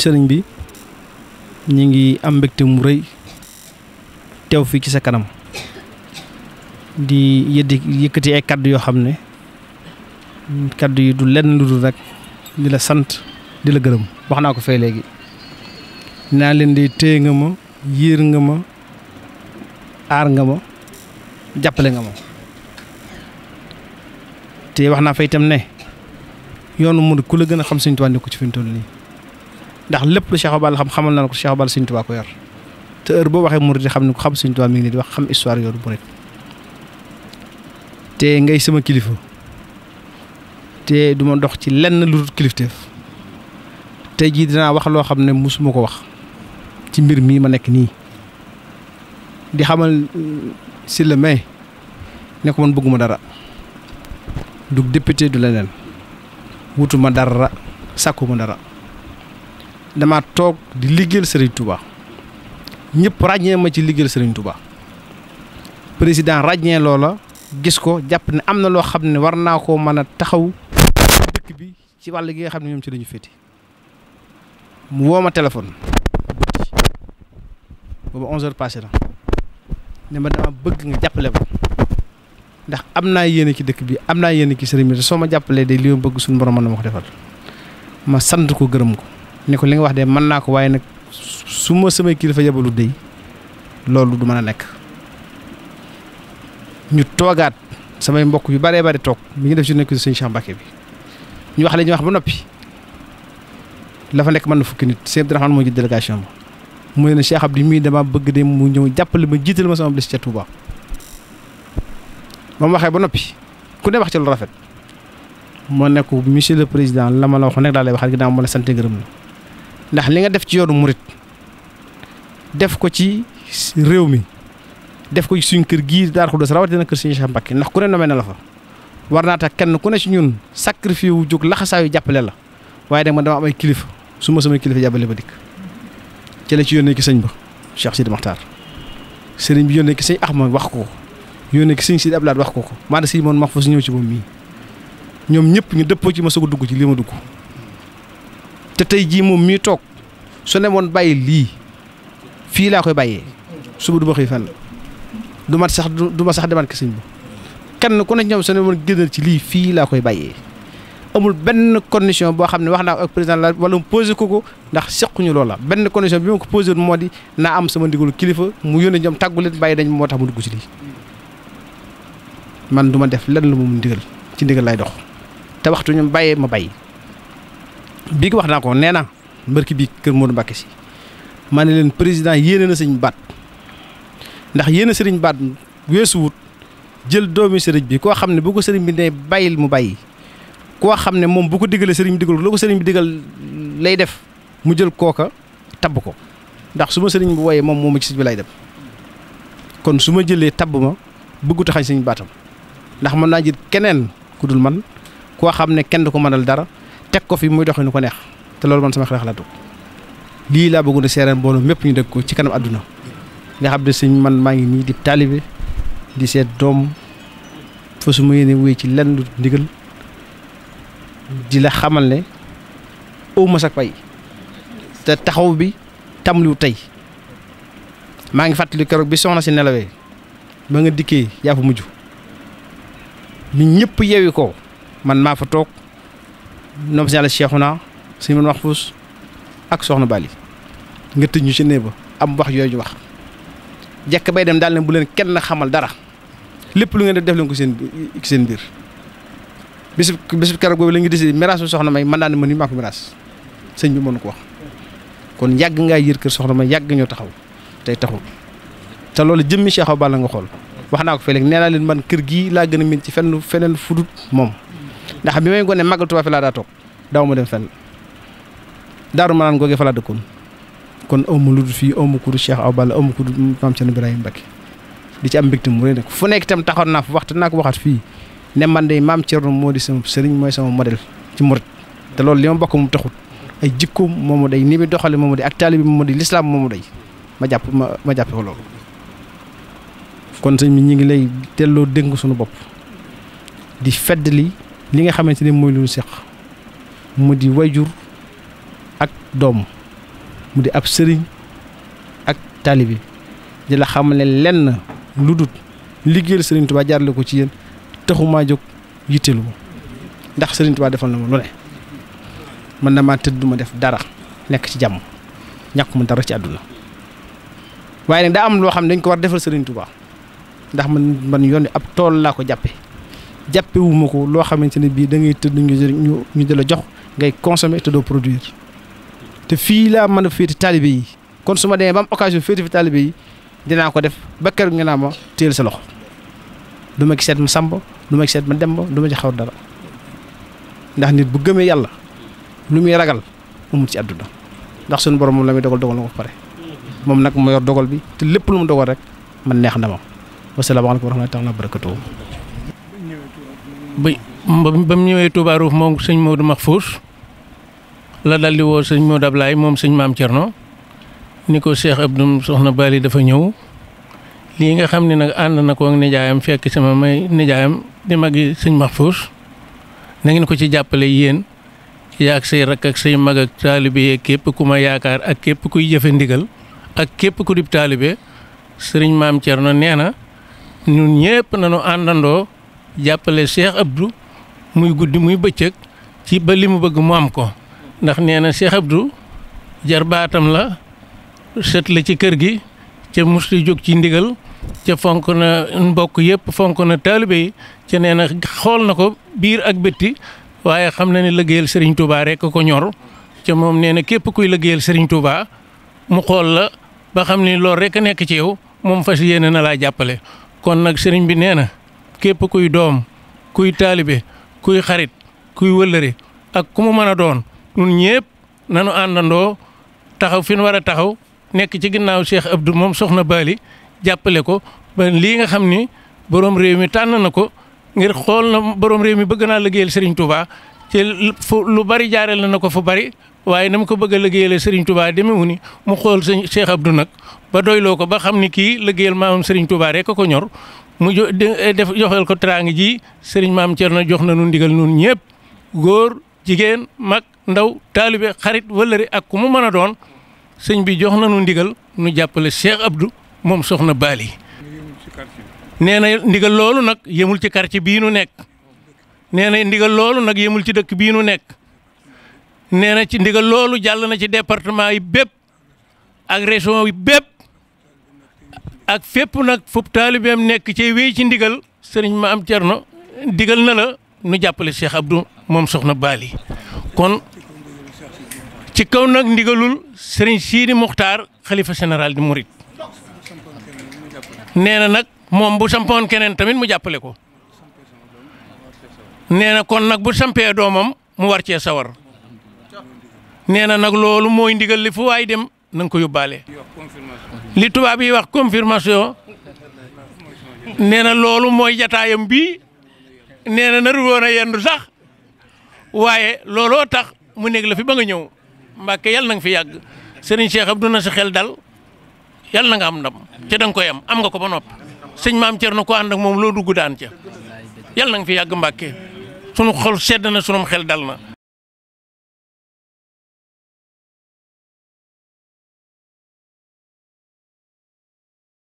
sëriñ bi ñu ngi am mbégte mu rëy tew fii ci sa kanam di yëddi yëkkati ay kàddu yoo xam ne kàddu yi du lenn lu dul rek di la sant di la gërëm wax naa ko fee léegi naa leen di téye nga ma yiir nga ma aar nga ma jàppale nga ma te wax naa fa tam ne yoonu mu ku la gën a xam Sëñ Tuubaa ko ci fi mu nii ndax lépp lu Cheikh Abal xam xamal na ko Cheikh Abal Sëñ Tuubaa ko yor te heure boo waxee murid xam ne ko xam Sëñ Tuubaa mi ngi nii di xam histoire ngay sama kilifa te du ma dox ci lenn lu dul kilifteef tey jii dinaa wax loo xam ne mosuma ko wax ci mbir mii ma nekk nii di xamal euh, si la may ne ko man bëgguma dara du député du leneen wutuma dara sàkkuma dara dama toog di liggéeyal Serigne Touba ñëpp ràññee ma ci liggéeyal Serigne Touba président ràññee loola gis ko jàpp ne am na loo xam ne war naa koo mën a taxaw dëkk bi ci wàll gi nga xam ne ñoom ci lañu féete mu woo ma téléphone booba onze heures passé na ne ma dama bëgg nga jàppale ma ndax am naa yéene ci dëkk bi am naa yenn ci sëriñ bi te soo ma jàppalee day li ma bëgg suñu borom mën na ma ko defal ma sant ko gërëm ko ni ko li nga wax de man naa ko waaye nag su ma samay kilifa yabalu dey loolu du man a nekk ñu toogaat samay mbokk yu baree bari toog mi ngi def journée culturelle Sëñ Cheikh Mbacké bi ñu wax la ñuy wax ba noppi la fa nekk man na fukki nit Sëñ Abdourahmane moo ji délégation ba mu ne Cheikh Abdou mii dama bëgg de mu ñëw jàppale ma jiital ma sama bis ca Touba ba waxee ba noppi ku ne wax ci lu rafet moo nekk monsieur le président la ma la wax nekk daal lay waxal ginnaaw ma la sant gërëm ndax li nga def ci yoonu murit def ko ci réew mi def ko ci suñ kër gii Daaru Xudoos na kër Sëriñ Cheikh Mbacké ndax ku ne nomee na la fa war naa tax kenn ku ne ci ñun sacrifice wu jóg laxasaayu jàppale la waaye nag man dama am ay kilifa su ma samay kilifa jàppale ba dikk ci la ci yónnee ki sëñ ba Cheikh Sidi Maxtaar sëriñ bi yónnee ki sëñ Axma wax ko ko yónnee ki sëñ Sidi Abdoulaye wax ko ko maanaam sëñ moon max fa su ñëw ci moom mii ñoom ñëpp ñu dëppoo ci ma soog dugg ci lii ma te tey jii moom mii toog su ne woon bàyyi lii fii laa koy bàyyee suba du ma xëy fenn du mat sax du ma sax demaat kese bi kenn ku ne ñoom su ne woon génnal ci lii fii laa koy bàyyee amul benn condition boo xam ne wax naa ko ak président la wala mu posé ko ko ndax sequñu loola benn condition bi ma ko posé moo di naa am sama ndigalu kilifa mu yónnee ñoom tàggu leen bàyyi dañ moo tax mu dugg ci lii man du ma def lenn lu mu ndigal ci ndigal lay dox te waxtu ñoom bàyyee ma bàyyi. bii wax naa ko nee na mbërki bii kër Modou Mbacké si ma ne leen président yéene na sëñ baat ndax yéene sëriñ baat weesuwut jël doomi sëriñ bi koo xam ne bu ko sëriñ bi ne bàyyil mu bàyyi koo xam ne moom bu ko digalee sëriñ bi digal la ko sëriñ bi digal lay def mu jël kooka tabb ko ndax su ma sëriñ bi wooyee moom mooma ci sëriñ bi lay dem kon su ma jëlee tabb ma bëggut a xañ sëriñ baatam ndax mën naa jël keneen ku dul man koo xam ne kenn du ko mënal dara teg ko fi muy dox nu ko neex te loolu man sama xel xalaatu lii laa bëggoon a seereen mbooloo mépp ñu dégg ko ci kanam àdduna nga xam ne sëñ man maa ngi nii di taalibe di seet doom fa su ma yéene wéy ci lenn ndigal di la xamal ne aw ma sa pay te taxaw bi tamlu tey maa ngi fàttali keroog bi soxna si nelawee maa nga dikkee yaa fa mujj nit ñëpp yewi ko man maa fa toog. nopp si yàlla Cheikhouna Sëñ Mahfous ak Soxna Bali nga tëj ñu ci néeg ba am wax yooyu wax jekk bay dem daal ne bu leen kenn xamal dara lépp lu ngeen def def leen ko seen biir bis bisu keroog boobu la ñu décidé ma bu soxna may man naa ne man mii maa ko miraas sëñ bi mënu ko wax kon yàgg ngaa yër kër soxna may yàgg ñoo taxaw tey taxul te loolu jëmmi Cheikh Awa nga xool wax naa ko fii nee naa leen man kër gii laa gën a miin ci fenn ndax bi may ngone magal tuba fi la da tok daaw ma dem fenn daru ma naan fa laa dëkkoon kon omu lu fi omu kudu Cheikh Awa Balla amu ku du Maam Cerno Ibrahima di ci am mbégte mu re nek fu nek tam taxon na fu waxtu nak waxat fi ne man day mam Cerno modi sama serigne moy sama model ci murit te loolu li ma mu taxut ay jikko momu day ni doxali momu day ak talibi momu day l'islam momu day ma japp ma japp ko kon sëñ mi ñi ngi lay delloo deng suñu bop di feddali li nga xamante ne mooy lu seq mu di wayjur ak doom mu di ab sëriñ ak talibi di la xamale ne lenn lu dut liggéeyal sëriñ Tuubaa jaarale ko ci yéen taxumaa jóg yitteelu ndax sëriñ Tuubaa defal na ma lu ne man na maa tëdd def dara nekk ci jàmm ñàkk mu dara ci àdduna waaye nag daa am loo xam dañ ko war defal sëriñ ndax man man yoon ab tool laa ko jàppewuma ko loo xamante ne bii da ngay tëdd ñu ñu ñu di la jox ngay consommer te doo produire te fii laa man a féete taalibe yi kon su ma demee ba am occasion féete fi taalibe yi dinaa ko def ba kër nga naa ma téel sa loxo du ci seet ma sàmb du ma ci seet ma demb du ma ci xaw dara ndax nit bu gëmee yàlla lu muy ragal amul ci àdduna ndax suñu borom moom la muy dogal dogal na ko pare moom nag moo yor bi te lépp lu mu dogal rek man neex na ma wasalaamaaleykum ba ba Touba Ruuf mom Seigne Modou Mahfous la daldi wo Seigne Modou Ablaye mom Seigne maam Thierno ni Cheikh Abdou Soxna Bali dafa ñëw li nga xamni nak and na ko ak nijaayam fekk sama may nijaayam di magi Seigne Mahfous na ngeen ko ci jàppale yéen yaak sey rak ak sey mag ak talibé képp kuma ma ak képp kuy jëfé ndigal ak képp ku dib talibé sëriñ maam Thierno néna na ñun ñëpp nañu andando jàppale Cheikh Abdou muy guddi muy bëccëg ci ba li mu bëgg mu am ko ndax nee na Cheikh Abdou jarbaatam la sët la ci kër gi ca musti jóg ci ndigal ca fonk na mbokk yëpp fonk na taalibe yi ca nee na xool na ko biir ak bëtti waaye xam na ne sëriñ Serigne rekk a ko ñor ca moom nee na képp kuy liggéeyal sëriñ Touba mu xool la ba xam ni loolu rek a nekk ci yow moom fas yéene na laa jàppale kon nag sëriñ bi nee na. képp kuy doom kuy taalibe kuy xarit kuy wëllëre ak ku mu mën a doon ñun ñëpp nanu àndandoo taxaw fi nu war a taxaw nekk ci ginnaaw Cheikh Abdou moom soxna Bali jàppale ko ba lii nga xam ni borom réew mi tànn na ko ngir xool na borom réew mi bëgg naa liggéeyal Serigne Touba te fu lu bari jaareel na ko fu bari waaye na mu ko bëgg a liggéeyal Serigne Touba demewu ni mu xool sëñ Cheikh Abdou nag ba doyloo ko ba xam ni kii liggéeyal maamam Serigne Touba rek ko ño mu jo eh, def joxal ko teraanga ji sëriñ maam Thierno jox na nu ndigal nun ñëpp góor jigéen mag ndaw taalibe xarit wëllëri ak ku mu mën a doon sëñ bi jox na nu ndigal nu jàppale Cheikh abdu moom soxna Bali. nee na ndigal loolu nag yemul ci quartier bii nu nekk na ndigal loolu nag yemul ci dëkk bii nu nekk nee na ci ndigal loolu jàll na ci département yi bépp ak yi bépp. ak fépp nag fub taalibeem nekk ci wéy ci ndigal sëriñ ma am cerno digal na la nu jàppale Cheikh Abdou moom soxna baali kon ci kaw nag ndigalul sëriñ Sidi Muxtaar xalifa général di Murit nee na nag moom bu sampoon keneen tamit mu jàppale ko nee na kon nag bu sampee doomam mu war sawar nee na nag loolu mooy ndigal li fu waay dem na ko yóbbaale. li tubaab yi wax confirmation nee na loolu mooy jataayam bii nee na naru a yendu sax waaye looloo tax mu nekk la fi ba nga ñëw Mbàkke yàlla na fi yàgg Serigne Cheikh Abdou na sa xel dal yàlla na am ndam ca da nga koy am am nga ko ba nopp sëñ maam na ko ànd ak moom loo dugg daan ca yàlla na nga fi yàgg Mbàkke sunu xol sedd na sunum xel dal na.